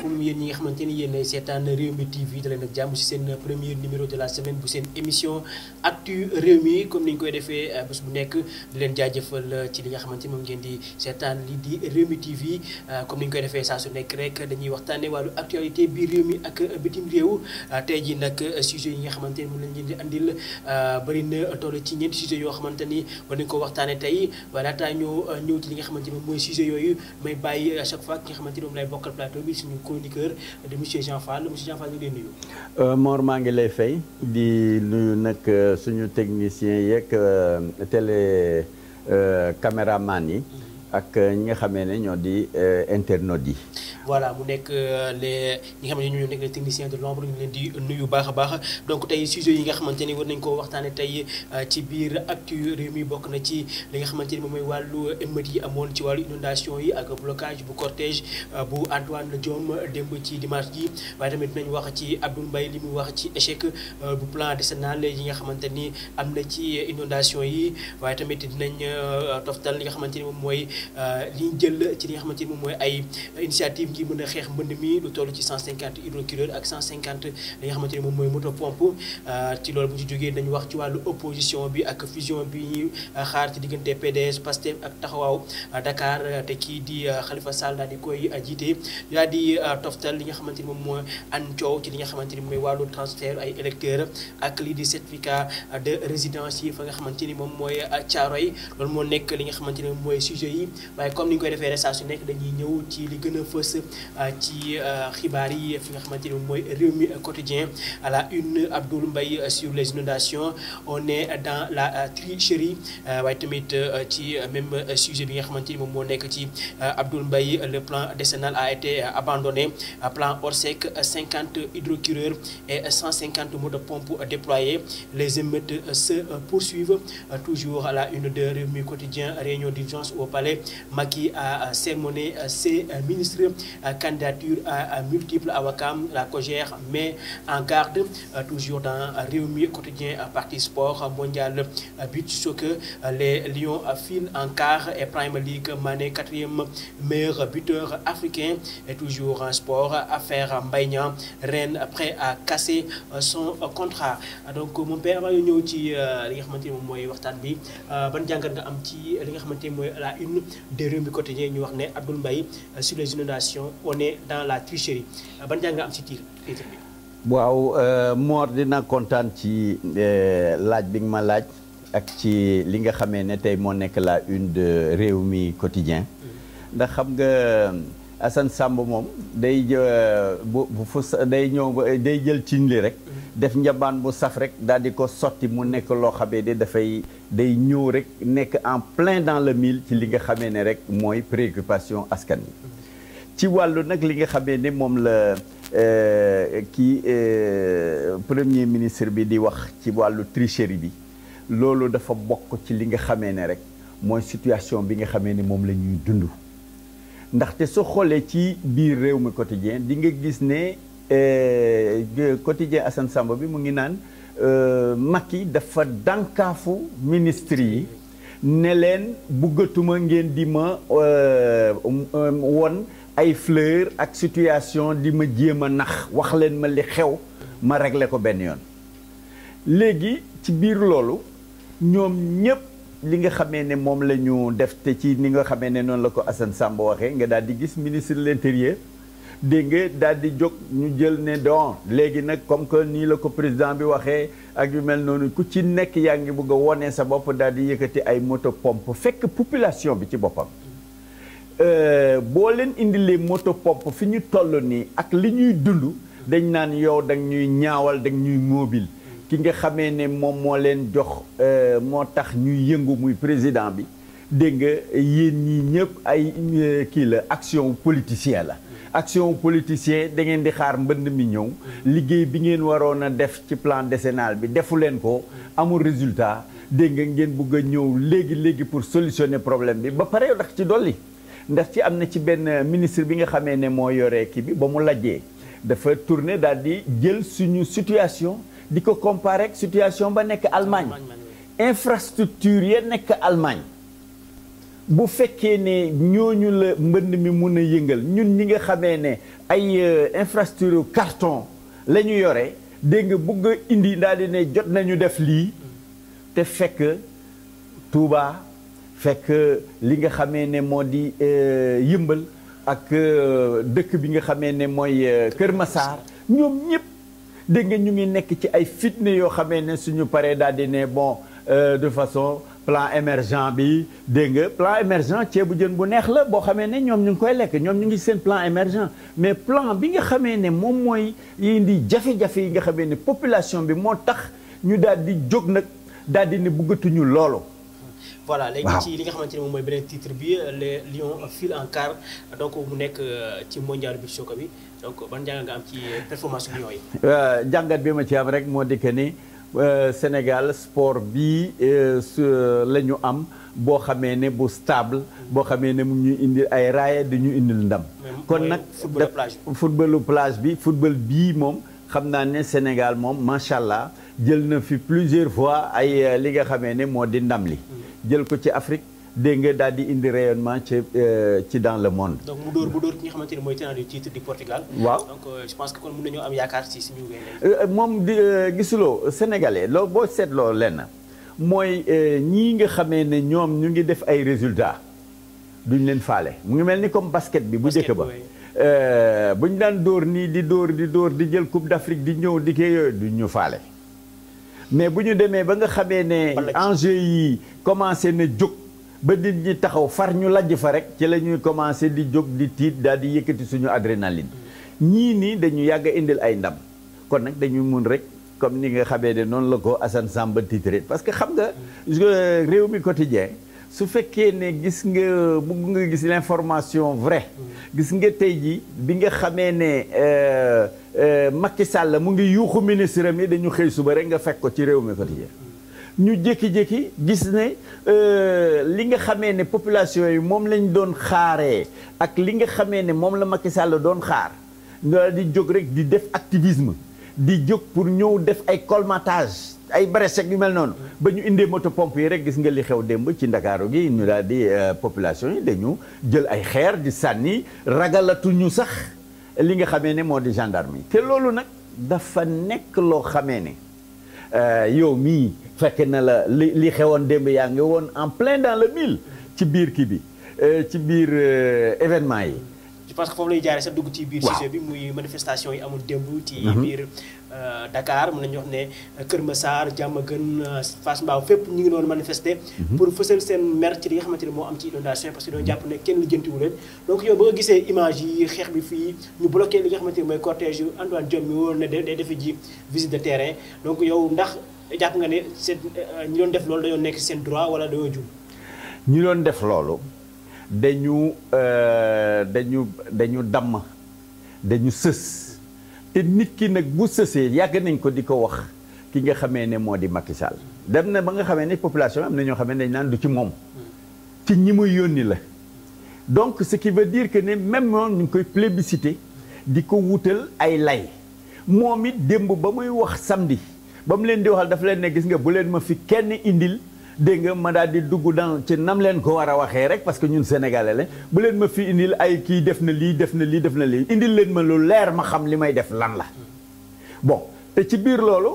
asalaamaaleykum yéen ñi nga xamante ni yéen seetaan réew mi TV daleen ak jàmm ci seen premier numéro de la semaine bu seen émission actu réew mi comme ni ñu koy defee euh, bés bu nekk di leen jaajëfal euh, ci li nga xamante ni moom ngeen di seetaan li di réew mi TV euh, comme ni ñu koy defee saa su nekk rek dañuy waxtaanee wàllu actualité biir réew mi ak bitim réew tey jii nag sujet yi nga xamante ni moom lañ leen di andil bëri na toll ci ñeenti sujet yoo xamante ni war nañ ko waxtaanee tey laataa ñoo ñëw ci li nga xamante ni mooy sujet yooyu may bàyyi chaque fois ki chroniqueur monsieur Jean Fall euh, Mor maa ngi lay fay di nuyu nag euh, suñu technicien yeeg euh, télé caméraman yi. Mm-hmm. ak ñi nga xamee ne ñoo di internautes yi. voilà mu nekk euh, les ñi nga xam ne ñoo nekk les de l'ombre ñu leen di nuyu baax a baax donc tey sujet yi nga xamante ni war nañ koo waxtaane tey euh, ci biir actu réew mi bokk na ci li nga xamante ni moom mooy wàllu émeutes yi amoon ci wàllu inondation yi ak blocage bu cortège euh, bu Antoine Diome démb ci dimanche ji waaye tamit dinañ wax ci Abdoul Mbaye li mu wax ci échec bu plan décennal yi nga xamante ni am na ci inondation yi waaye tamit dinañ toftal li nga xamante ni moom mooy li ñu jël ci li nga xamante ni moom mooy ay initiative jigéen gi mën a xeex mbënd mi lu toll ci 150 hydrocureur ak 150 li nga xamante ni moom mooy moto pompe euh, ci loolu bu ci jógee dañu wax ci wàllu opposition bi ak fusion bi ñuy euh, daal di euh, toftal li nga xamante ni moom mooy an coow ci li nga xamante ni mooy wàllu transfert ay électeurs ak lii di certificat de résidence yi fa nga xamante ni moom mooy Thiaroye loolu moo nekk li nga xamante ni moom mooy sujet yi waaye comme ni ñu koy defee a Euh, ci euh, xibaar yi fi nga xamante ni mooy réew mi quotidien à la une Abdoul Mbaye euh, sur les inondations on est dans la tricherie waaye tamit ci même sujet bi nga xamante ni moom moo nekk ci Abdoul mbay le plan décennal a été abandonné plan Orsec 50 hydrocureurs et 150 mots de pompe déployés les émeutes se poursuivent toujours à la une de Rewmi Quotidien réunion d'urgence au palais Macky a sermonné ses ministres Euh, candidature à multiples à Wakam la Cogère mais en garde euh, toujours dans euh, Rewmi quotidien partie sport mondial beach soccer les Lions filent en quart et Prime League Mané quatrième meilleur buteur africain et toujours en sport affaire Mbaye Niang Rennes prêt à casser son contrat donc mon père maa ñëw ci li nga xamante ne mooy waxtaan bi ban jàngat nga am ci li nga xamante ne mooy la une de Rewmi quotidien ñu wax ne Abdoul mbay sur les inondations situation on dans la tricherie ban jàng nga am si tiir waaw euh, Mor dina kontaan ci euh, laaj bi nga ma laaj ak ci li nga xamee ne tey moo nekk la une de réew mi quotidien mm-hmm. ndax xam nga euh, Assane Samb moom day bu bu fus day ñëw day jël cin li rek. Mm-hmm. def njabaan bu saf rek daal di ko sotti mu nekk loo xamee ne dafay day ñëw rek nekk en plein dans le mille ci li nga xame ne rek mooy préoccupation askan wi. ci wàllu nag li nga xamee ne moom la euh, kii euh, premier ministre bi di wax ci wàllu tricherie bi loolu dafa bokk ci li nga xamee ne rek mooy situation bi nga xamee ni moom la ñuy dund ndaxte soo xoolee ci biir réew mi quotidien di nga gis ne euh, quotidien Assane Samba bi mu ngi naan Macky dafa dànkaafu ministre yi ne leen bëggatuma ngeen di ma um, um, won ay fleur ak situation di ma jéem a nax wax leen ma li xew ma régler ko benn yoon léegi ci biir loolu ñoom ñëpp li nga xamee ne moom la ñu def te ci ni nga xamee ne noonu la ko Assane Samba waxee nga daal di gis ministre de l'intérieur dégg nga daal di jóg ñu jël ne don léegi nag comme que nii la ko président bi waxee ak yu mel noonu ku ci nekk yaa ngi bëgg a wone sa bopp daal di yëkkati ay moto pompe fekk population bi ci boppam Euh, boo leen indilee moto pompe fi ñu toll nii ak li ñuy dund dañ naan yow dang ñuy ñaawal dang ñuy mobile ki nga xamee ne moom moo leen jox euh, moo tax ñu yëngu muy président bi dégg nga yéen ñii ñëpp ay euh, kii la action politicien la action politicien da ngeen di xaar mbënd mi ñëw liggéey bi ngeen waroon a def ci plan décennal bi defu leen ko amul résultat dégg nga ngeen bëgg a ñëw léegi léegi pour solutionner problème bi ba pare ndax ci dolli ndax ci am na ci benn ministre bi nga xamee ne moo yore kii bi ba mu lajjee dafa tourner daal di jël suñu situation di ko comparer ak situation ba nekk Allemagne infrastructure ya nekk Allemagne bu fekkee ne ñooñu la mbënd mi mun a yëngal ñun ñi nga xamee ne ay euh, infrastructure carton la ñu yore dégg nga bëgg indi daal di ne jot nañu def lii te fekk Touba. fekk euh, li nga xamee ne moo di euh, yëmbal ak euh, dëkk bi nga xamee ne mooy Kër Massar ñoom ñëpp dégg nga ñu ngi nekk ci ay fitne yoo xamee ne suñu paree daal di ne bon de façon plan émergent bi dégg nga plan émergent ceebu jën bu neex la boo xamee ne ñoom ñu ngi koy lekk ñoom ñu ngi seen plan émergent mais plan bi nga xamee ne moom mooy ndi jafe-jafe yi nga xamee ne population bi moo tax ñu daal di jóg nag daal di ne bëggatuñu loolu voilà léegi ci li nga xamante ni moom mooy beneen titre bi les Lions filent en quart donc bu nekk euh, ci mondial bi soccer bi donc ban jàngat nga am ci euh, performance Lions yi. Euh, jàngat bi ma ci am rek moo di que ni Sénégal sport bii la ñu am. boo xamee ne bu stable boo xamee ne mu ñuy indi ay raaya du ñu indil ndam. kon nag footballu plage bi footballu football bii moom xam naa ne Sénégal moom macha allah jël na fi plusieurs fois ay euh, li nga xamee ne moo di ndam li jël ko ci Afrique dégg nga daal di indi rayonnement ci euh, ci dans le monde. donc mu dóor mu dóor ki nga xamante ni mooy tenant du titre di Portugal. waaw donc euh, que kon mën nañoo am yaakaar ci suñu moom di gisuloo sénégalais loo boo seetloo lenn mooy ñii nga xamee ni ñoom ñu ngi def ay résultats duñ leen faale mu ngi mel ni comme basket bi. bu njëkk ba bu ñu daan dóor nii di dóor di dóor di jël coupe d'Afrique di ñëw di kii yooyu duñ ñu faale. mais bu ñu demee ba nga xamee ne enjeu yi commencé na jóg ba nit ñi taxaw far ñu lajj fa rek ci la ñuy commencé di jóg di tiit daal di yëkkati suñu adrénaline ñii nii dañu yàgg indil ay ndam kon nag dañuy mun rek comme nii nga xamee ne noonu la ko Assane Samba titré parce que xam nga réew mi quotidien su fekkee ne gis nga bëgg nga gis l'information vrai gis nga tey ji bi nga xamee ne euh, Euh, makki Sall mu ngi yuuxu ministre am yi dañu xëy suba rek nga fekk ko ci réew mi quotidien ñu jékki-jékki gis ne euh, li nga xamee ne population yi moom lañ doon xaare ak li nga xamee ne moom la makki Sall doon xaar nga di jóg rek di def activisme di jóg pour ñëw def ay colmatage ay brèche yu mel noonu ba ñu indee moto pompe yi rek gis nga li xew démb ci ndakaaru gi ñu daal di euh, population yi dañu jël ay xeer di sànni ragalatuñu sax li nga xamee ne moo di gendarmerie te loolu nag dafa nekk loo xamee ne euh, yow mii fekk na la li li xewoon démb yaa ngi woon en plein dans le mille ci biir kii bi euh, ci biir euh, événement yi parce que foofu lay jaaree sa dugg ci biir sujet bi muy manifestation yi amul démb ci mhm. biir euh, Dakar mën nañu wax ne euh, Kër jàmm Diamaguène euh, Fass Mbao fépp ñu ngi doon manifester mhm. pour fësal seen mer ci li nga xamante ne moo am ci inondation parce que doon jàpp ne kenn lijjantiwu leen donc yow ba nga gisee image yi xeex bi fii ñu bloqué li nga xamante ne mooy cortège yu Antoine Diome mi woon ne de terrain donc yow ndax jàpp nga ne seen ñi doon def loolu dañoo nekk seen droit wala dañoo jub ñu doon def loolu dañu euh, dañu dañu damm dañu sës te nit ki nag bu sësee yàgg nañ ko di ko wax ki nga xamee ne moo di Macky Sall dem na ba nga xamee ne population am na ñoo xamee ne dañ naan du ci moom ci ñi muy yónni la donc ce diir veut que ne même moom ñu ngi koy plébiscité di ko wutal ay lay moom it démb ba muy wax samedi ba mu leen di waxal dafa leen ne gis nga bu leen ma fi kenn indil dégg nga ma daal di dugg dans ci nam leen ko war a waxee rek parce que ñun sénégalais la bu leen ma fi indil ay kii def na lii def na lii def na lii indil leen ma lu leer ma xam li may def lan la bon te ci biir loolu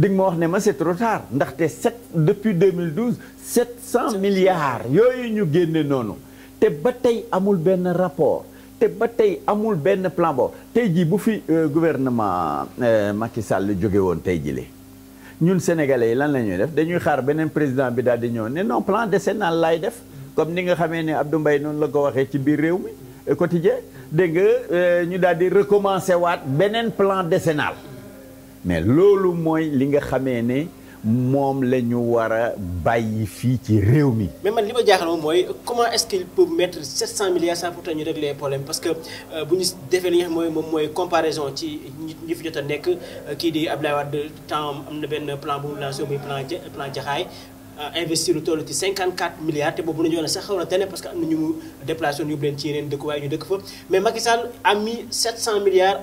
di ma wax ne ma c'est trop tard ndaxte sept depuis 2012 700 milliards yooyu ñu génne noonu te ba tey amul benn rapport te ba tey amul benn plan boo tey jii bu fi euh, gouvernement euh, Macky Sall jóge woon tey jii li ñun sénégalais yi lan la ñuy def dañuy xaar beneen président bi daal di ñëw ne non plan décennal laay def comme ni nga xamee ne Abdou Mbaye noonu la ko waxee ci biir réew mi euh, quotidien dégg nga euh, ñu daal di recommencer waat beneen plan décennal mais loolu mooy li nga xamee ni moom la ñu war a bàyyi fii ci réew mi. mais man li ma jaaxal moom mooy comment est-ce milliards sans pourtant ñu régler problème parce que euh, bu ñu defee li xam mooy moom mooy comparaison ci ñi fi jot a nekk euh, kii di Abdoulaye Wade temps am na benn plan bu mu lancé muy plan Jaxaay euh, investir lu toll ci 54 milliards te boobu nañu woon sax xaw na parce que am na ñu mu déplacé woon yóbbu leen ci yeneen dëkk waaye ñu dëkk fa mais Macky Sall a mis 700 milliards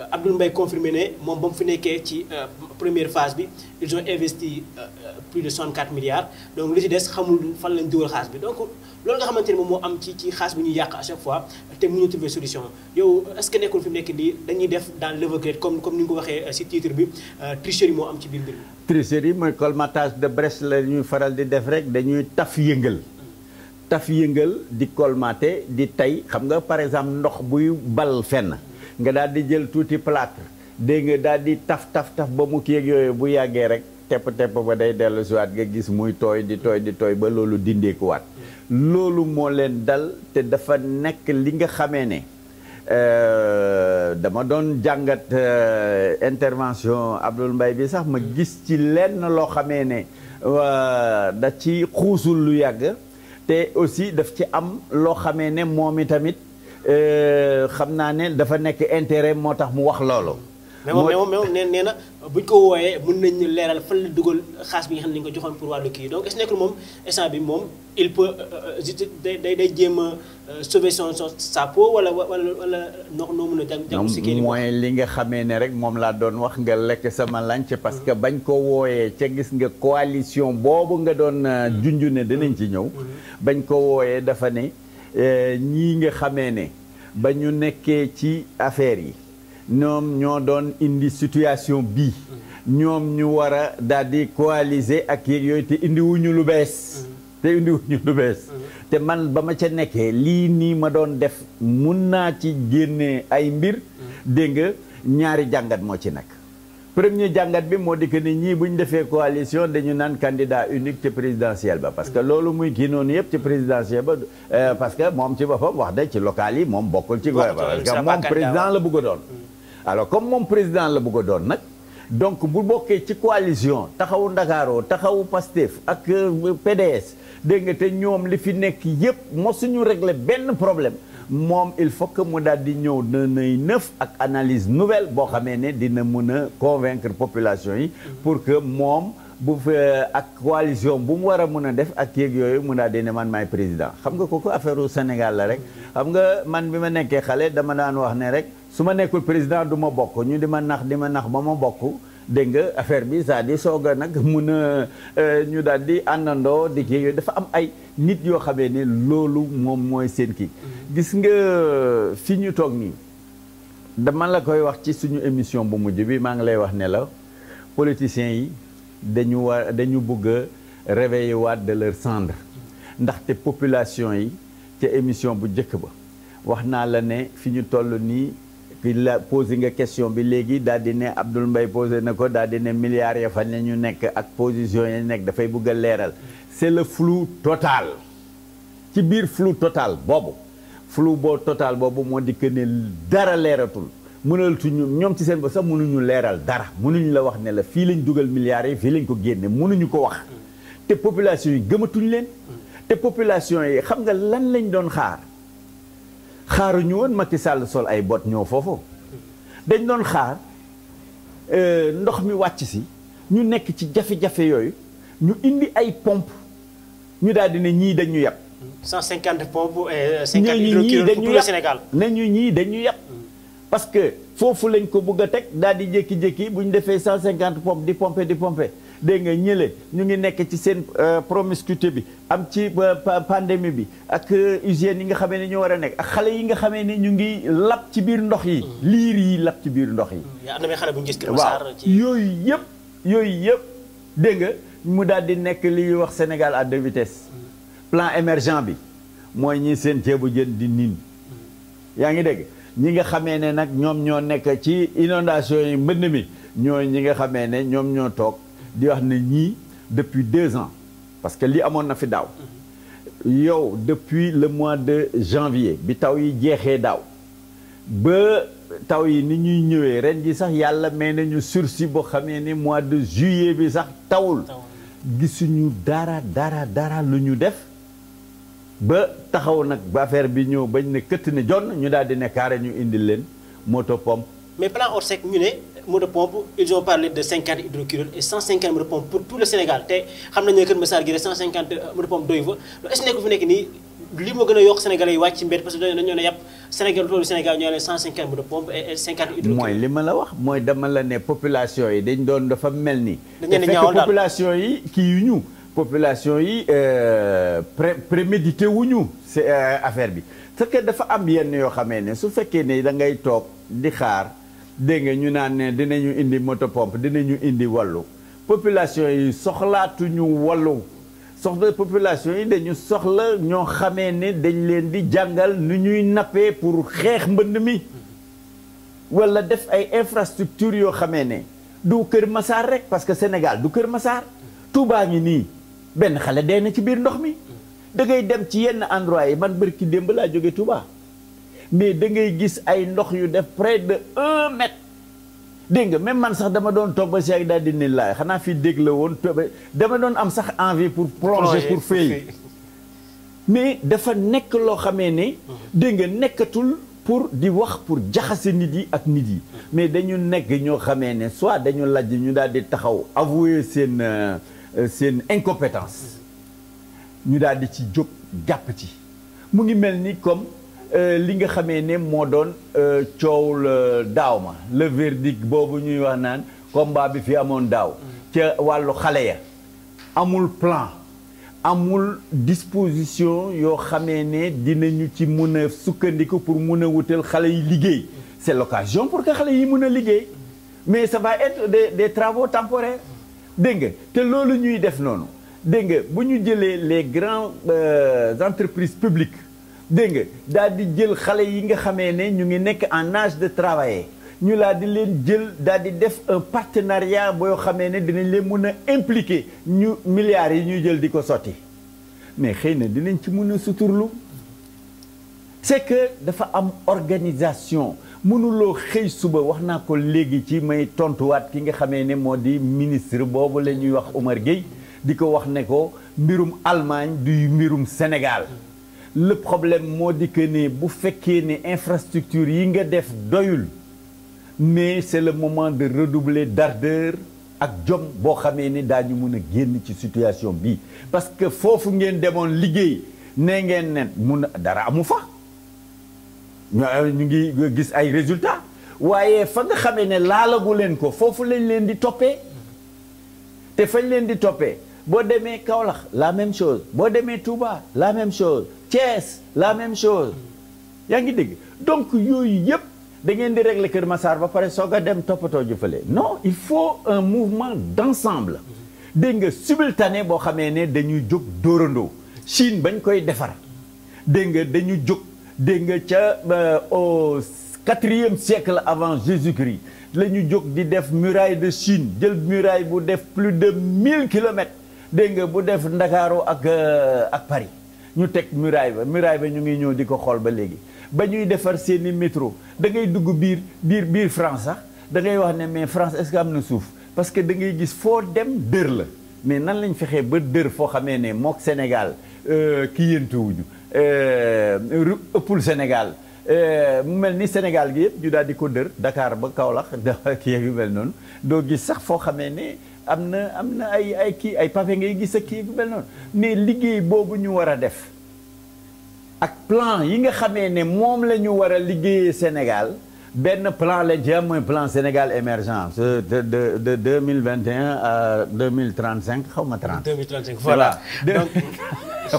Euh, Abdoul Mbaye confirmé ne moom ba mu fi nekkee ci euh, première phase bi ils ont investi euh, plus de 64 milliards donc li si des xamul fan lañ dugal xaas bi donc loolu nga xamante ne moom moo am ci ci xaas bi ñuy yàq à chaque fois te mu ñu trouver nekk nii dañuy def dans l'aveuglette comme comme ni ko waxee si titre bi tricherie moo am ci biir mbir mi. tricherie mooy colmatage de brèche la ñuy faral di def rek dañuy taf yëngal. taf yëngal di colmater di tey xam nga par exemple ndox buy bal fenn. nga daal di jël tuuti plâtre dégg nga daal di taf taf taf ba mu kéeg yooyu bu yàggee rek tepp tepp ba day dellu siwaat nga gis muy tooy di tooy di tooy ba loolu dindeekuwaat loolu moo leen dal te dafa nekk li nga xamee ne euh, dama doon jàngat euh, intervention Abdoul Mbaye bi sax ma gis ci lenn loo xamee ne da ci xuusul lu yàgg te aussi daf ci am loo xamee ne moom i tamit Euh, xam naa ne dafa nekk intérêt moo tax mu wax loolu. mais moom mais moom nee na buñ ko wooyee mën nañu leeral fan la dugal xaas bi nga joxoon pour wàllu kii donc moom instant bi moom il peut euh, euh, day day day jéem a sauver son son sa peau wala wala ndox noo mën a jàng si kii mooy li nga xamee ne rek moom laa doon wax nga lekk sama lanc parce que mm-hmm. bañ koo wooyee ca gis nga coalition boobu nga doon mm-hmm. junju ne dinañ ci ñëw mm-hmm. bañ ko wooyee dafa ne Eh, ñii nga xamee ne ba ñu nekkee ci affaire yi ñoom ñoo doon indi situation bii ñoom ñu war a daal di ak yeeg yooyu te indi lu bees te te man ba ma ca nekkee lii nii ma doon def mun naa ci génne ay mbir dégg nga ñaari jàngat moo ci nekk premier jàngat bi moo di que ni ñii bu ñu defee coalition dañu naan candidat unique ci présidentiel ba parce que loolu muy kii noonu ci présidentiel ba euh, parce que moom ci boppam wax dëgg ci local yi moom bokkul ci gox parce que moom président la bugga doon alors comme moom président la bugga doon nag donc bu bokkee ci coalition taxawu Ndakaaroo taxawu Pastef ak euh, PDS dégg nga te ñoom li fi nekk yëpp mosuñu régler benn problème moom il faut que mu daal di ñëw nanay neuf ak analyse nouvelle boo xamee ne dina mun a convaincre population yi pour que moom bu fe ak coalition bu mu war a mun a def ak yeeg yooyu mun daal di man maay président xam nga kooku affaire u Sénégal la rek xam nga man bi ma nekkee xale dama daan wax ne rek su ma nekkul président du ma bokk ñu di ma nax di ma nax ba ma bokk dégg nga affaire bi c'est-à-dire soog a nag mun a euh, ñu daal di àndandoo di kii yooyu dafa am ay nit yoo xamee ne loolu moom mooy seen kii. Mm-hmm. gis nga euh, fi ñu toog nii dama la koy wax ci suñu émission bu mujj bi maa ngi lay wax ne la politiciens yi dañu war dañu bëgg a réveiller waat de leur cendre ndaxte population yi ca émission bu njëkk ba wax naa la ne fi ñu toll nii. puis la posé nga question bi léegi dal di ne Abdoul mbay posé na ko daal di ne milliards ya fa ne ñu nekk ak position ya nekk dafay bëgg a leeral c'est le flou total ci biir flou total boobu flou boo total boobu moo di que ne dara leeratul mënalatuñu ñoom ci seen ba sax mënuñu leeral dara mënuñu la wax ne la fii lañ dugal milliards yi fii lañ ko génne mënuñu ko wax te population yi gëmatuñ leen te population yi xam nga lan lañ doon xaar ñu woon Macky Sall sol ay bot ñoo foofu dañ doon xaar euh, ndox mi wàcc si ñu nekk ci jafe-jafe yooyu ñu indi ay pompe ñu daal di ne ñii dañu yàpp 150 pompe et 50 hydrocureurs pour le Sénégal nañu ñii dañu yàpp mm. parce que foofu lañ ko bugg a teg daal di jékki-jékki bu ñu defee 150 pompe di pompe di pompe dégg nga ñële ñu ngi nekk ci seen euh, promiscuité bi am ci pandémie bi ak euh, hygiène yi nga xamee ne ñu war a nekk ak xale yi nga xamee ne ñu ngi lab ci biir ndox yi. Mm. liir yi lab ci biir ndox yi. Mm. am xale bu ñu gis yooyu yëpp yooyu yëpp dégg nga mu daal di nekk li ñuy wax Sénégal à deux vitesses. Mm. plan émergent bi mooy ñi seen ceebu jën di niin. yaa ngi dégg ñi nga xamee ne nag ñoom ñoo nekk ci inondation yi mbënn mi ñooy ñi nga xamee ne ñoom ñoo toog. di wax na ñii depuis deux ans parce que li amoon na fi daaw yow depuis le mois de janvier bi taw yi jeexee daaw ba taw yi ni ñuy ñëwee ren ji sax yàlla may nañu sursis boo xamee ni mois de juillet bi sax tawul gisuñu dara dara dara lu ñu def ba taxaw nag ba bi ñëw bañ ne këtt ne jonn ñu daal di ne kaare ñu indi leen moto pompe mais plan Orsec ñu ne mots de pompe ils ont parlé de 50 hydrocureurs et 150 mots de pompe pour tout le Sénégal te xam nañ ne Kër Massar gi rek 150 mots de euh, doy fa est-ce que nekk nii lii moo gën a yokk sénégalais yi wàcc ci parce que dañoo ne yàpp Sénégal loolu Sénégal ñoo ne 150 mots de pompe et 50 hydrocureurs. mooy li ma la wax mooy dama la ne population yi dañ doon dafa mel ni. dañu leen ñaawal daal population yi kii yu ñu. population yi euh, pré prémédité wu ñu euh, affaire bi. parce dafa am yenn yoo xamee ne su fekkee ne da ngay toog di xaar. dégg nga ñu naan ne dinañu indi moto pompe dinañu indi wàllu population yi soxlaatuñu wàllu soxla population yi dañu soxla ñoo xamee ne dañ leen di jàngal nu ñuy nappee pour xeex mbënd mi wala def ay infrastructure yoo xamee ne du Kër masaar rek parce que Sénégal du Kër masaar Touba ngi nii benn xale dee na ci biir ndox mi da ngay dem ci yenn endroit yi man bërki démb laa jóge Touba mais da ngay gis ay ndox yu def près de un mètre dégg nga même man sax dama doon toog ba si ak daal di ni xanaa fii dégg la woon dama doon am sax envie pour plonger pour fay mais dafa nekk loo xamee ne mhm. dégg nga nekkatul pour di wax pour jaxase nit yi ak nit yi mhm. mais dañu nekk ñoo xamee ne soit dañu lajj ñu daal di taxaw avouer seen euh, seen incompétence mhm. ñu daal di ci jóg gàpp ci mu ngi mel ni comme Euh, li nga xamee ne moo doon euh, coowul daaw ma le verdict boobu ñuy wax naan combat bi fi amoon daaw ca wàllu xale ya amul plan amul disposition yoo xamee ne dinañu ci mun a sukkandiku pour mun a wutal xale yi liggéey c'est l'occasion pour que xale yi mun a liggéey mais ça va être des des travaux temporaires dégg nga te loolu ñuy def noonu dégg nga bu ñu jëlee les grandes euh, entreprises publiques dégg nga daal di jël xale yi nga xamee ne ñu ngi nekk en nage de travailler ñu laa di leen jël daal di def un partenariat boo xamee ne dinañ leen mun a impliquer ñu milliards yi ñuy jël di ko sotti mais xëy na dinañ ci mun a suturlu c'est dafa am organisation mënuloo xëy suba wax naa ko léegi ci may tontuwaat ki nga xamee ne moo di ministre boobu la ñuy wax Omar Gueye di ko wax ne ko mbirum Allemagne du mbirum Sénégal le problème moo di que ne bu fekkee ni infrastructure yi nga def doyul mais c'est le moment de redoubler d'ardeur ak jom boo xamee ni daañu mën a génn ci situation bi parce que foofu ngeen demoon liggéey nee ngeen nen mun dara amu fa ñu ngi gis ay résultats waaye fa nga xamee ne laalagu leen ko foofu lañ leen di toppee te fañ leen di toppee boo demee Kaolack la même chose boo demee Touba la même chose Thiès la même chose yaa ngi dégg donc yooyu yëpp da ngeen di régler Kër Massar ba pare soog a dem toppatoo jëfale non il faut un mouvement d'ensemble dégg nga simultané boo xamee ne dañuy jóg dóorandoo Chine bañ koy defar dégg nga dañu jóg dégg nga ca euh, au quatrième siècle avant Jésus-Christ la jóg di def muraille de Chine jël muraille bu def plus de mille kilomètres dégg nga bu def Ndakaaru ak euh, ak Paris ñu teg muraille ba muraille ba ñu ngi ñëw di ko xool ba léegi ba ñuy defar seeni métro da ngay dugg biir biir biir France sax da wax ne mais France est-ce am na suuf parce que da ngay gis foo dem dër la mais nan lañ fexee ba dër foo xamee ne mook Sénégal euh, ki yéntuwuñu euh, ëppul Sénégal euh, mu mel ni Sénégal gi yëpp ñu daal di ko dër Dakar ba Kaolack kii yu mel noonu doo gis sax foo xamee ne am na am na ay ay kii ay pavé ngay gis ak kii bu mel noonu mais liggéey boobu ñu war a def ak plan yi nga xamee ne moom la ñu war a liggéeyee Sénégal benn plan la jëm mooy plan Sénégal émergent de de de deux mille vingt et un à deux mille trente cinq xaw ma trente. deux mille voilà. donc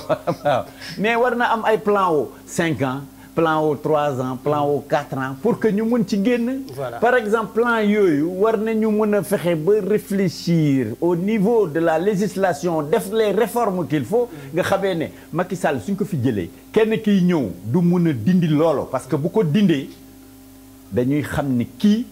mais war na am ay plan wu cinq ans. plan wu trois ans plan wu quatre ans pour que ñu mën ci génn par exemple plan yooyu war nañu mën a fexe ba réfléchir au niveau de la législation def les réforme qu'il faut nga xamee ne Macky Sall suñ ko fi jëlee kenn kiy ñëw du mën a dindi loolo parce que bu ko dindee dañuy xam ni kii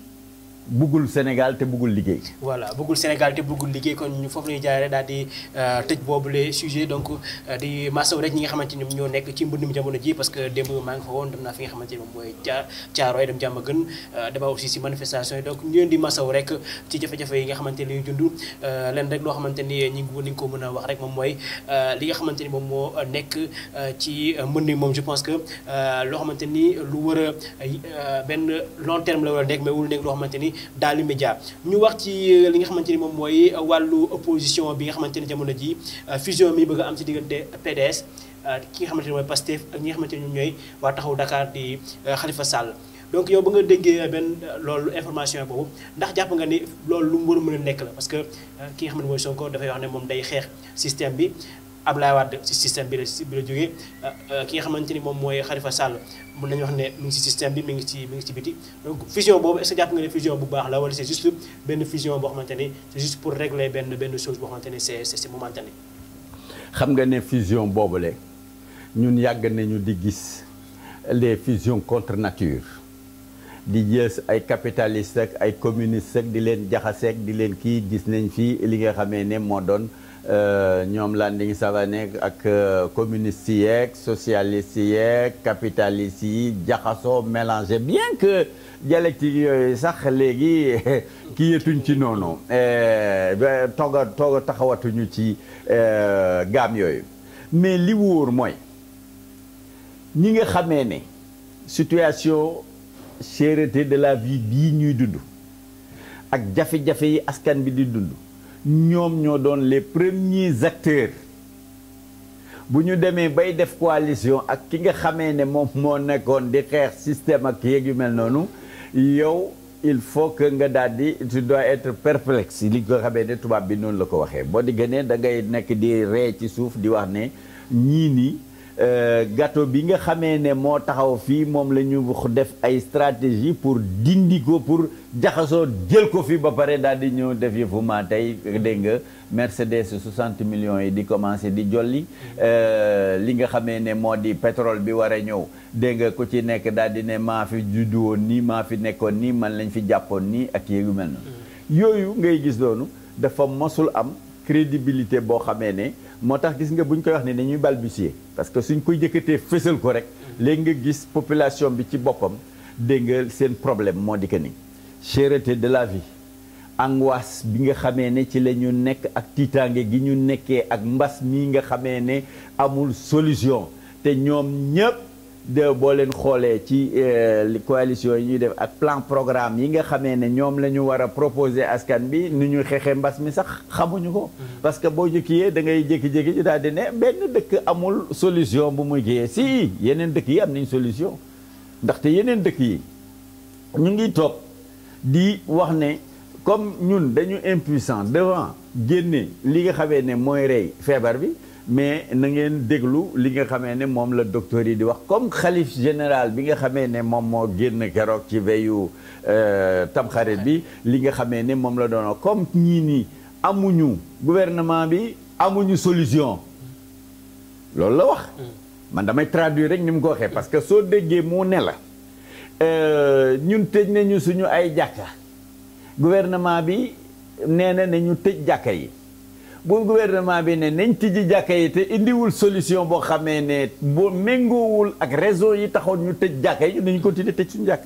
buggul Sénégal te buggul liggéey. voilà buggul Sénégal te buggul liggéey kon ñu foofu lay jaaree daal di euh, tëj boobu les sujets donc euh, di masaw rek ñi nga xamante ni ñoo nekk ci mbënd mi jamono ji parce que démb maa ngi fa woon dem naa fi nga xamante ni moom mooy caa caarooy dem jàmm gën euh, damaa aussi si manifestation yi donc ñu leen di masaw rek ci jafe-jafe yi nga xamante ni dund leen rek loo xamante ni ñi ngi ni ko mën a wax rek moom mooy li nga xamante ni moom moo nekk ci mbënd mi moom je pense que loo xamante ni lu war a benn long terme la war a nekk mais wul nekk loo xamante ni daal les médias ñu wax ci euh, li nga xamante ni moom mooy euh, wàllu opposition bi nga xamante ni jamono ji euh, fusion mi bëgg am ci diggante PDS ki nga xamante ni mooy Pastef ak ñi nga xamante ni ñoom ñooy waa taxaw Dakar di xalifa Sall donc yow ba nga déggee benn loolu information boobu ndax jàpp nga ni loolu lu mu a mën a nekk la parce que ki nga xam ne mooy Sonko dafay wax ne moom day xeex système bi Abdoulaye Wade si système bi la jógee euh, euh, ki nga xamante ni moom mooy Khalifa Sall mun nañu wax ne mu ngi si système bi mu ngi ci mi ngi ci biti donc fusion boobu est-ce jàpp nga ne fusion bu baax la wala c'est juste benn fusion boo xamante ni c'est juste pour régler benn benn chose boo xamante xam nga ne fusion boobule ñun yàgg nañu di gis les fusion contre nature di gis ay capitalistes ak ay communistes ak di leen jaxaseeg di leen kii gis nañ fii li nga xamee ne moo doon. Euh, ñoom Landing Savané ak euh, communiste yeeg socialiste yeeg capitaliste yi jaxasoo mélangé bien que dialecte yooyu sax léegi kii yetuñ ci noonu euh, toog a toog taxawatuñu ci gaam yooyu mais li wóor mooy ñi nga xamee ne situation cherté de la vie bii ñuy dund ak jafe-jafe yi askan bi di dund ñoom ñoo doon les premiers acteurs bu ñu demee bay def coalition ak ki nga xamee ne moom moo nekkoon di xeex système ak yeeg yu mel noonu yow il faut que nga daal di tu dois être perplexe li nga xamee ne tubaab bi noonu la ko waxee boo di gënee da ngay nekk di ree ci suuf di wax ne ñii nii Euh, gato bi nga xamee ne moo taxaw fii moom la ñu def ay stratégie pour dindi ko pour jaxasoo jël ko fii ba pare daal di ñëw def yëfu maa tey dégg nga Mercedes 60 millions yi di commencé di jolli euh, li nga xamee ne moo di pétrole bi war a ñëw dégg nga ku ci nekk daal di ne maa fi juddu woon nii maa fi nekkoon nii man lañ fi jàppoon nii ak yéegu mel noonu. Mm. yooyu ngay gis doonu dafa mosul am crédibilité boo xamee ne. moo tax gis nga bu ñu koy wax ne dañuy balbutier parce que suñ koy jëkkatee fësal ko rek léegi nga gis population bi ci boppam dégg nga seen problème moo di que ni cherté de la vie angoisse bi nga xamee ne ci la ñu nekk ak tiitaange gi ñu nekkee ak mbas mi nga xamee ne amul solution te ñoom ñëpp de boo leen xoolee ci euh, coalition yi ñuy def ak plan programme yi nga xamee ne ñoom la ñu war a proposer askan bi ni ñu xeexee mbas mi sax xamuñu ko. Mm-hmm. parce que boo ñu kiyee dangay ngay jékki-jékki ñu daal di ne benn dëkk amul solution bu muy kiyee si yeneen dëkk yi am nañ solution ndaxte yeneen dëkk yi ñu ngi toog di wax ne comme ñun dañu impuissant devant génne li nga xamee ne mooy rey feebar bi. mais na ngeen déglu li nga xamee ne moom la docteur yi di wax comme xalif général bi nga xamee ne moom moo génn keroog ci veyu euh, tamxarit bi li nga xamee ne moom la doon comme ñii nii amuñu gouvernement bi amuñu solution loolu la wax mm. man damay traduire rek ni mu ko waxee parce que soo déggee mu ne la euh, ñun tëj nañu suñu ay jàkka gouvernement bi nee na nañu tëj jàkka yi boo gouvernement bi ne nañ tijji jàkka yi te indiwul solution boo xamee ne boo méngoowul ak réseau yi taxoon ñu tëj jàkka yi nañu continuer tëj suñu jàkk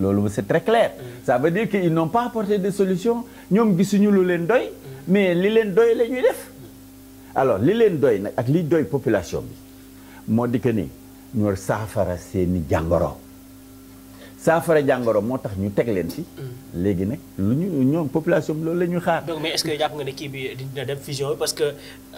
loolu c'est très clair ça veut dire que ils n'ont pas apporté de solution ñoom gisuñu lu leen doy mais li leen doy la ñuy def alors li leen doy nag ak li doy population bi moo di que ni ñoo saafara seeni jàngoro saafara jàngoro moo tax ñu teg leen ci. Mm. léegi nag lu ñu ñoom population bi loolu la ñuy xaar. donc mais est-ce que jàpp nga ne kii bi dina dem fusion parce que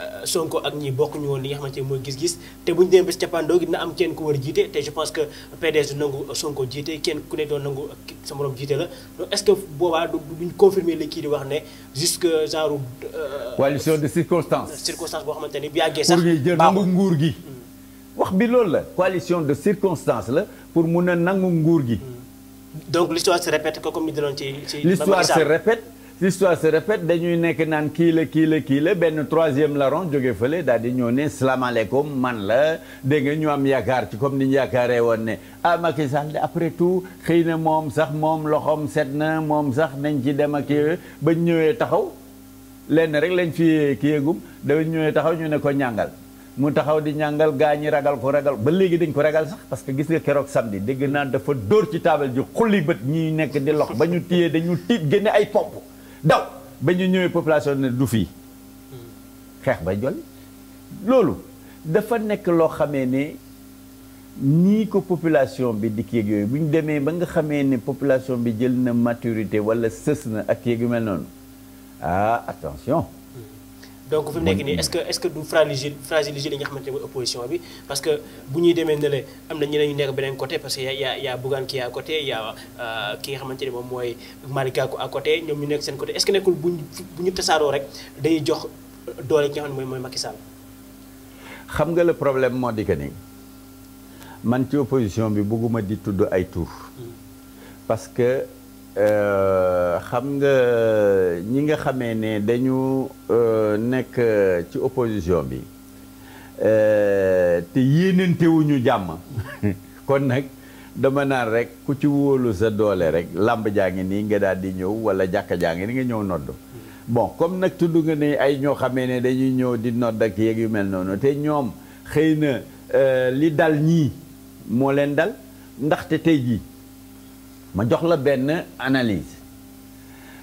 euh, Sonko ak ñi bokkuñu woon li nga xamante ne mooy gis-gis te bu ñu demee bés cappaandoo gi dina am kenn ku war a jiite te je pense que PDS du nangu Sonko jiite kenn ku ne doon nangu sa morom jiite la donc est-ce que boobaa du duñ confirmer li kii di wax ne jusque genre. Euh, coalition de circonstance. Euh, circonstance boo xamante ne bu yàggee sax. pour ñuy jël nangu nguur gi. Mm. wax bi loolu la coalition de circonstance la pour mun a nangu gi. Mm. donc l'histoire se répète comme ni ci ci. l'histoire se répète l'histoire dañuy nekk naan kii la kii la kii la benn troisième larron jóge fële daal di ñëw ne salaamaaleykum man la dégg ñu am yaakaar ci comme ni ñu yaakaaree woon ne ah Macky Sall après tout xëy na moom sax moom loxoom set na moom sax nañ ci dem ak ba ñëwee taxaw lenn rek lañ fi kii yegum dañ ñëwee taxaw ñu ne ko ñàngal. mu taxaw di ñàngal gaa ñi ragal ko ragal ba léegi dañ ko ragal sax parce que gis nga keroog samedi dégg naa dafa dóor ci taabal ji xulli bët ñi nekk di lox ba ñu téyee dañu tiit génne ay pomp daw ba ñu ñëwee population ne du fii xeex ba jolli loolu dafa nekk loo xamee ne nii ko population bi di yeeg yooyu bu ñu demee ba nga xamee ne population bi jël na maturité wala sës na ak yeeg yu mel noonu ah attention donc fi mu nekk nii est-ce que est-ce que du fragile fragiliser li nga xamante opposition bi parce que bu ñuy demee ne le am na ñeneen ñu nekk beneen côté parce que y a y a Bougane kii à a euh, ki nga xamante ne moom mooy Malick Gakou à côté ñoom ñu nekk seen côté est-ce nekkul bu ñu bu ñu tasaaroo rek day jox doole ki nga xam mooy mooy Macky xam nga le problème moo di que man ci opposition bi bëgguma di tudd ay tour hmm. parce que. Euh, xam nga ñi nga xamee ne dañu euh, nekk ci opposition bi euh, te yéenantewuñu jàmm kon nag dama naan rek ku ci wóolu sa doole rek làmb jaa ngi nii nga daal di ñëw wala jàkka jaa ngi ni nga ñëw nodd bon comme nag tudd nga ne ay ñoo xamee ne dañuy ñëw di nodd ak yeeg yu mel noonu te ñoom xëy na li dal ñii moo leen dal ndaxte tey jii ma jox la benn analyse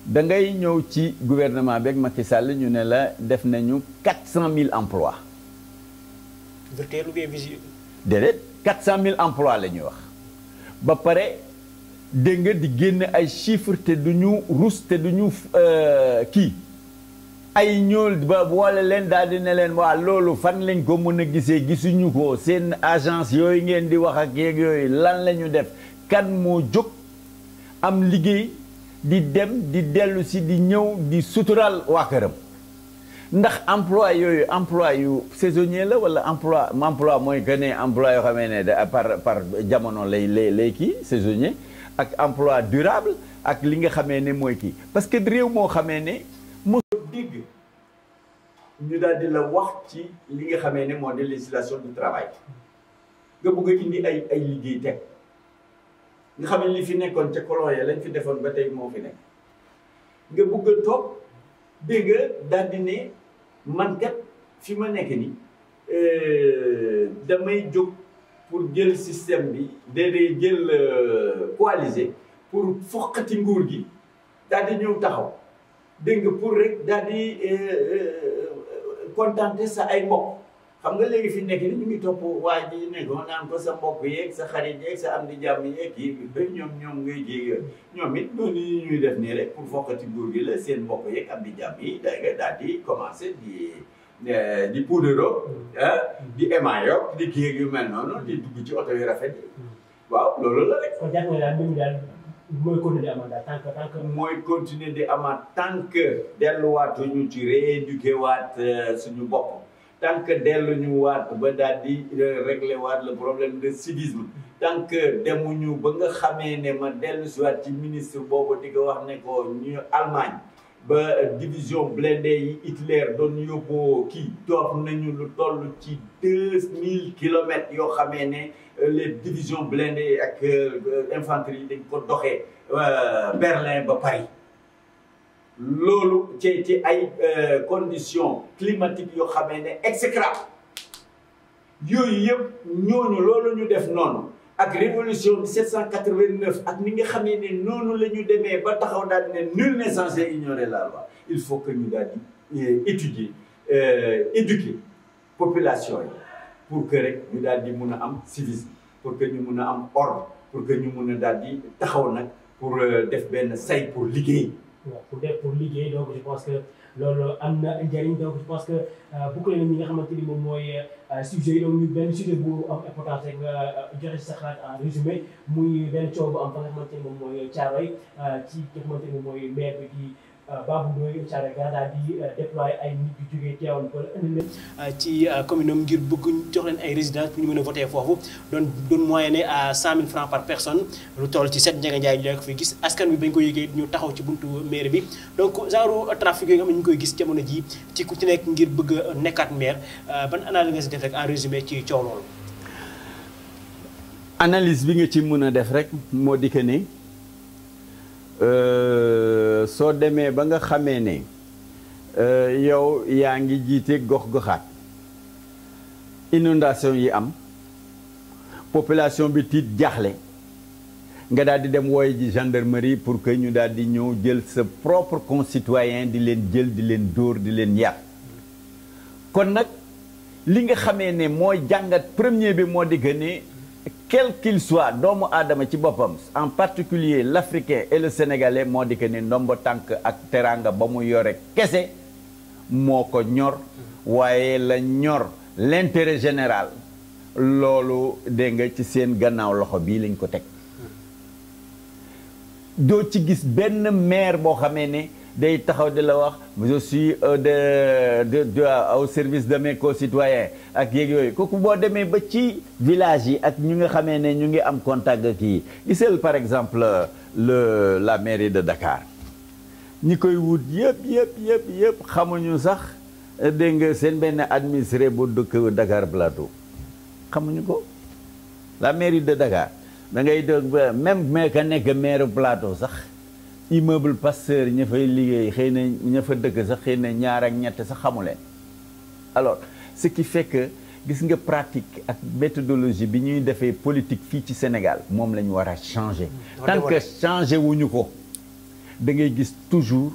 da ngay ñëw ci gouvernement beeg Macky Sall ñu ne la def nañu quatre cent mille emplois. virtuel ou bien cent mille emplois la ñuy wax ba pare dégg nga di génn ay chiffres te du ñu rus te du ñu euh, kii. ay ñool ba boole leen daal di ne leen waa loolu fan lañ ko mën a gisee gisuñu ko seen agence yooyu ngeen di wax ak yeeg yooyu lan la ñu def kan moo jóg am liggéey di dem di dellu si di ñëw di sutural waa këram ndax emploi yooyu emploi yu saisonier la wala emploi emploi mooy que ne emploi yoo xamee ne da par par jamono lay lay lay kii saisonnier ak emploi durable ak li nga xamee ne mooy kii parce que réew moo xamee ne mosoo dégg ñu daal di la wax ci li nga xamee ne moo di législation du travail nga bëgg a indi ay ay liggéey teg nga xamañ ne li fi nekkoon ca colon ya lañ fi defoon ba tey moo fi nekk nga bugg toog dégg nga daal di ne man kat fi ma nekk ni euh, damay jóg pour jël système bi déedéet jël euh, coalisé pour foqati nguur gi daal di ñëw taxaw dégg nga pour rek daal di euh, contenter sa ay mbokk xam nga léegi fi nekk ni ñu ngi topp waa ji nekkoon naan ko sa mbokk yeeg sa xarit yeeg sa am di jàmm yeeg yi ba ñoom ñoom ngay jéeg yooyu ñoom it noonu ñu ñuy def nii rek pour fokkati góor gi la seen mbokk yeeg am di jàmm yi da nga daal di commencé di eh, di poudre mm. ah, di émaillé di kii yu mel noonu di dugg ci oto yu rafet yi. Mm. waaw loolu la rek. kon jàpp nga mooy continuer di amaat tant que tant que. di amaat tant que delluwaatuñu ci rééduqué waat eh, suñu bopp. tant que ñu waat ba daal di régler waat la problème de civisme tant que demuñu ba nga xamee ne ma dellu si waat ci ministre boobu di ko wax ne ko ñu Allemagne ba division blindée yi Hitler doon yóbboo kii doof nañu lu toll ci deux mille kilomètres yoo xamee ne division euh, divisions blindées ak euh, infanterie dañ ko doxee euh, Berlin ba Paris loolu ci ci ay euh, conditions climatique yoo xamee ne exécrable yooyu yëpp ñooñu loolu ñu def noonu ak révolution bi 1789 ak ni nga xamee ne noonu la ñu demee ba taxaw daal ne nul n'est censé ignorer la loi il faut que ñu daal di euh, étudier euh, éduquer population yi pour que rek ñu daal di mun a am civisme pour que ñu mun a am ordre pour que ñu mun a daal di taxaw nag pour def benn say pour liggéey. bon pour def pour liggéey donc je que loolu am na njëriñ donc je que euh, bouclé nañ ñi nga xamante ni moom mooy euh, sujet yi donc ñu benn sujet bu am importance rek nga euh, sa xalaat résumé muy benn coow bu am fa nga xamante moom mooy caaroy ci nga xamante ni moom mooy maire di Euh, Babou Ndoye Thiaroye daal euh, ay nit yu euh, ci commune ngir bëgg jox leen ay résidence pour ñu mën a voter foofu doon doon moyenné à cent mille francs par personne lu toll ci sept njëge njaay ñu ko fi gis askan bi bañ ko yëgee ñu taxaw ci buntu maire bi donc genre trafic yi nga xam ne ñu koy gis camono ji ci ku ci nekk ngir bëgg a nekkaat maire ban analyse nga si def rek en résumé ci coow loolu analyse bi nga ci mën a def rek moo di que Euh, soo demee ba nga xamee ne euh, yow yaa ngi jiite gox-goxaat inondation yi am population bi tiit jaaxle nga daal di dem woy ji gendarmerie pour que ñu daal di ñëw jël sa propre concitoyen di leen jël di leen dóor di leen yar kon nag li nga xamee ne mooy jàngat premier bi moo di que quel qu'il doomu aadama ci boppam en particulier l'africain et le sénégalais moo di que ni ndombo tànk ak teraanga ba mu yore kese moo ko ñor waaye la ñor l'intérêt général loolu dégg nga ci seen gannaaw loxo bii lañ ko teg doo ci gis benn maire boo xamee ne day taxaw di la wax je suis euh, de de au service de mes concitoyens ak yeeg yooyu kooku boo demee ba ci village yi ak ñu nga xamee ne ñu ngi am contact ak yi gisal par exemple euh, le la mairie de Dakar ñi koy wut yëpp yëpp yëpp yëpp xamuñu sax dégg nga seen benn administré bu dëkk Dakar Plateau xamuñu ko la mairie de Dakar da ngay dégg même mais ka nekk maire Plateau sax immeuble Pasteur ña fay liggéey xëy na ña fa dëkk sax xëy na ñaar ak ñett sax xamuleen alors ce qui fait que gis nga pratique ak méthodologie bi ñuy defee politique fii ci Sénégal moom la ñu war a changer tant que changé wuñu ko da ngay gis toujours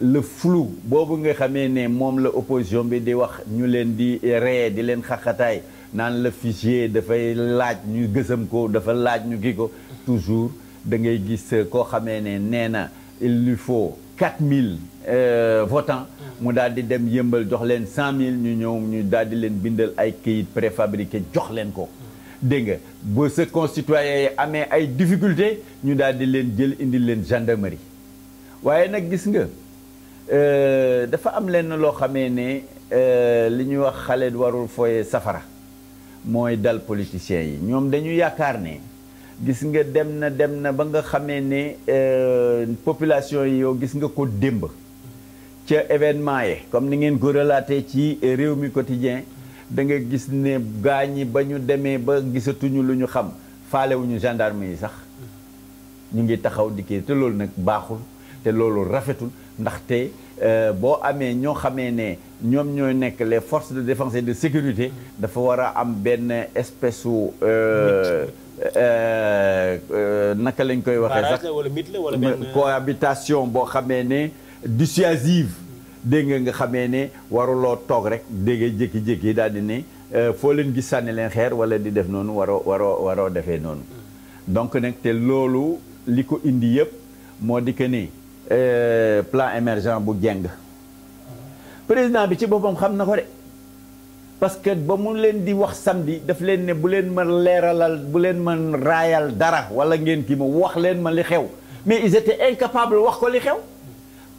le flou boobu nga xamee ne moom la opposition bi di wax ñu leen di ree di leen xaqataay naan la fichier dafay laaj ñu gësëm ko dafa laaj ñu kii ko toujours da ngay gis euh, koo xamee ne nee na il lui faut quatre mille euh, votants ah. mu daal di dem yëmbal jox leen cent mille ñu ñëw ñu daal di leen bindal ay këyit préfabriqué jox leen ko ah. dégg nga ba sa concitoyens yi amee ay difficulté ñu daal di leen jël indi leen gendarmerie waaye nag gis nga euh, dafa am lenn loo xamee ne li ñuy wax xale warul fooye safara mooy dal politiciens yi ñoom dañu yaakaar ne gis nga dem na dem na ba nga xamee ne euh, population yi yow gis nga ko démb ca événement yi comme ni ngeen ko relaté ci réew mi quotidien da nga gis ne gaañi ba ñu demee ba gisatuñu lu ñu xam faalewuñu gendarme yi sax ñu ngi taxaw di kii te loolu nag baaxul te loolu rafetul ndaxte euh, boo amee ñoo xamee ne ñoom ñooy nekk les forces de défense de sécurité dafa war a am benn espèce su euh, Euh, euh, naka lañ koy waxee sax cohabitation boo xamee ne dissuasive dégg nga nga xamee ne waruloo toog rek dégg nga jékki-jékki daal di ne euh, foo leen gis sànni leen xeer wala di def noonu waroo waroo waroo defee noonu. donc nag te loolu li ko indi yëpp moo di que ni plan émergent bu jeng président bi ci boppam xam na ko parce que ba mu leen di wax samedi daf leen ne bu leen ma leeralal bu leen ma raayal dara wala ngeen kii ma wax leen ma li xew mais ils étaient incapables wax ko li xew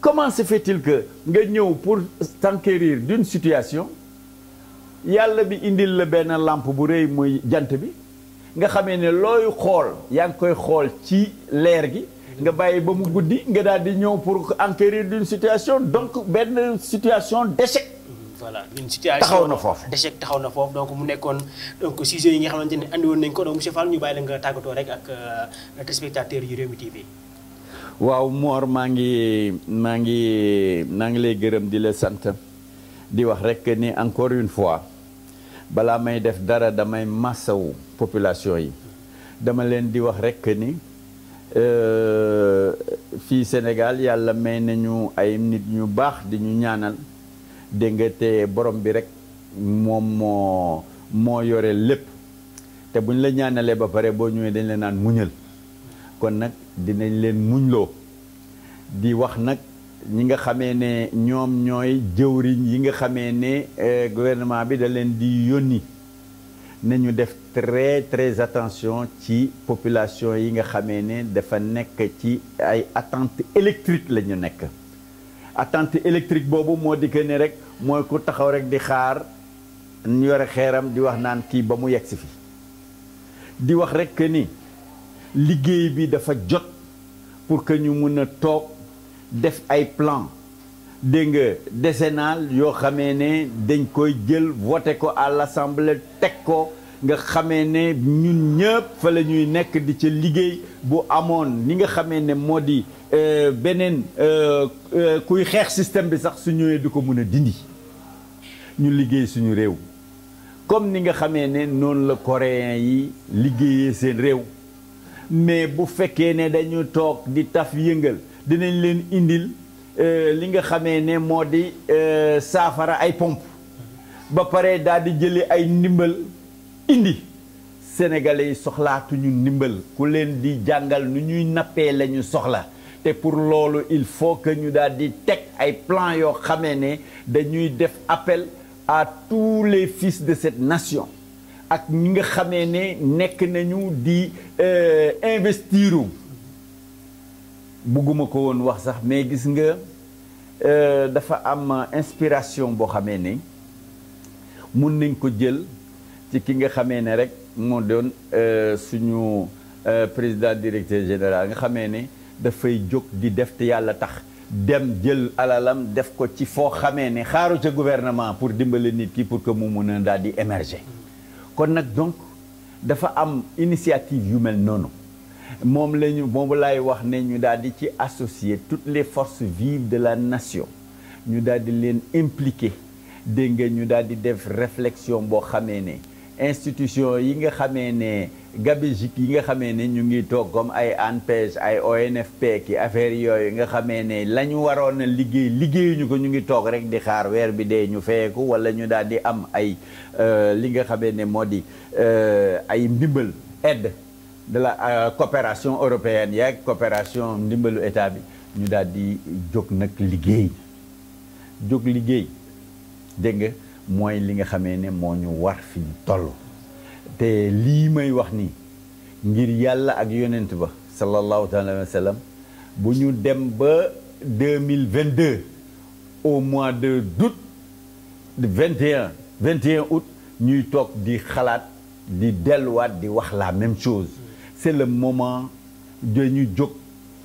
comment se fait nga ñëw pour t'enquérir d'une situation yàlla bi indil la benn làmp bu rëy muy jant bi nga xamee ne looy xool yaa ngi koy xool ci leer gi nga bàyyi ba mu guddi nga daal di ñëw pour enquérir d'une situation donc benn situation d'échec voilà une situation taxaw na foofu d'échec taxaw na foofu donc mu nekkoon donc sujet yi nga xamante ne andi woon nañ ko donc monsieur Fall ñu bàyyi la nga tàggatoo euh, waaw Mor maa ngi maa ngi maa ngi lay gërëm di la sant di wax rek ni encore une fois balaa may def dara damay massawu population yi dama leen di wax rek ni euh, fii Sénégal yàlla may nañu ay nit ñu baax di ñu ñaanal dégg nga te borom bi rek moom moo moo yore lépp te bu ñu la ñànnalee ba pare boo ñëwee dañ leen naan muñal kon nag dinañ leen muñloo di wax nag ñi nga xamee ne ñoom ñooy jëwriñ yi nga xamee ne eh, gouvernement bi da leen di yónni nañu def très très attention ci population yi nga xamee ne dafa nekk ci ay attente électrique la ñu nekk attente électrique boobu moo di ne rek mooy ku taxaw rek di xaar ñu yore xeeram di wax naan kii ba mu yegg si fi di wax rek ni liggéey bi dafa jot pour que ñu mun a toog def ay plan dénga nga décennal yoo xamee ne dañ koy jël voté ko à l'assemblée teg ko nga xamee ne ñun ñëpp fa la ñuy nekk di ci liggéey bu amoon ni nga xamee ne moo di euh, beneen euh, euh, kuy xeex système bi sax su ñëwee du ko mën a dindi ñu liggéey suñu réew comme ni nga xamee ne noonu la coréen yi liggéeyee seen réew mais bu fekkee ne dañu toog di taf yëngal dinañ leen indil li nga xamee ne moo di saafara ay pompe ba pare daal di jëli ay ndimbal indi sénégalais yi soxlaatuñu ndimbal ku leen di jàngal nu ñuy nappee lañu soxla te pour loolu il faut que ñu daal di teg ay plan yoo xamee ne dañuy def appel à tous les fils de cette nation ak ñu nga xamee ne nekk nañu di euh, investiru bugguma ko woon wax sax mais gis nga euh, dafa am inspiration boo xamee ne mun nañ ko jël ci ki nga xamee ne rek moo doon euh, suñu euh, président directeur général nga xamee ne dafay jóg di def te yàlla tax dem jël alalam def ko ci foo xamee ne xaaru ca gouvernement pour dimbale nit ki pour que mu mun a daal di émerger kon nag donc dafa am initiative yu mel noonu moom la ñu moom laay wax ne ñu daal di ci associer toutes les forces vives de la nation ñu daal di leen impliquer dégg nga ñu daal di def reflexion boo xamee ne institution yi nga xamee ne gabégique yi nga xamee ne ñu ngi toog comme ay ANPEJ ay ONFP ki affaire yooyu nga xamee ne la ñu waroon liggéey liggéeyuñu ko ñu ngi toog rek di xaar weer bi dee ñu feyeku wala ñu daal di am ay euh, li nga xamee ne moo di euh, ay ndimbal aide de la euh, coopération européenne yaag coopération ndimbalu état bi ñu daal di jóg nag liggéey jóg liggéey dégg nga mooy li nga xamee ne moo ñu war fi ñu toll te lii may wax nii ngir yàlla ak yonent ba sallallahu alayhi wa sallam bu ñu dem ba deux mille vingt deux au mois de d'août vingt et août ñuy toog di xalaat di delluwaat di wax la même chose c'est le moment de jóg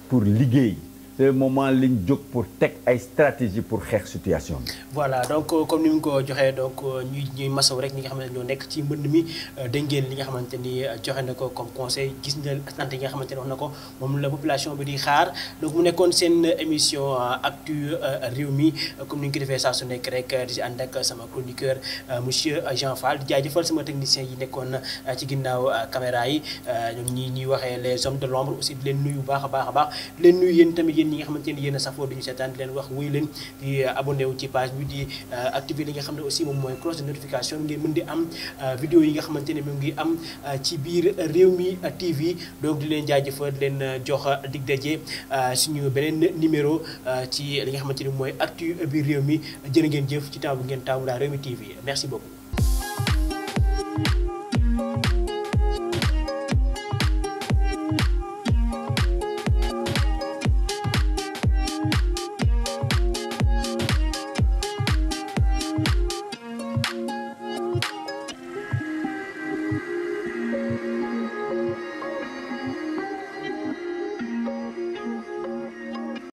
pour liggéey. te moment liñ jóg pour teg ay stratégie pour xeex situation voilà donc euh, comme ni mu ko joxee donc euh, ñuy ñuy masaw rek ñi nga xamante ñoo nekk ci mbënd mi euh, dégg ngeen li nga xamante ni joxe na ko comme conseil gis na attente yi nga xamante ne wax na ko moom la population bi di xaar donc mu nekkoon seen émission actu réew mi comme ni ñu ko defee saa su nekk rek di si ànd ak sama chroniqueur monsieur Jean Fall di jaajëfal sama technicien yi nekkoon ci ginnaaw caméra yi ñoom ñuy waxee les hommes de l'ombre aussi leen nuyu baax baax baax li nga xamante ni yéen a safoo duñu seetaan di leen wax wuy leen di euh, abonné ci page bi di euh, activer nga xam ne aussi moom mooy cloche de notification ngeen mën di am euh, vidéo yi nga xamante ne mu ngi am ci biir réew mi TV donc di leen jaajëfal di leen jox dig daje suñu beneen numéro ci li nga xamante ne mooy actu biir réew mi jërë ngeen jëf ci taamu ngeen taamu la Rewmi TV merci beaucoup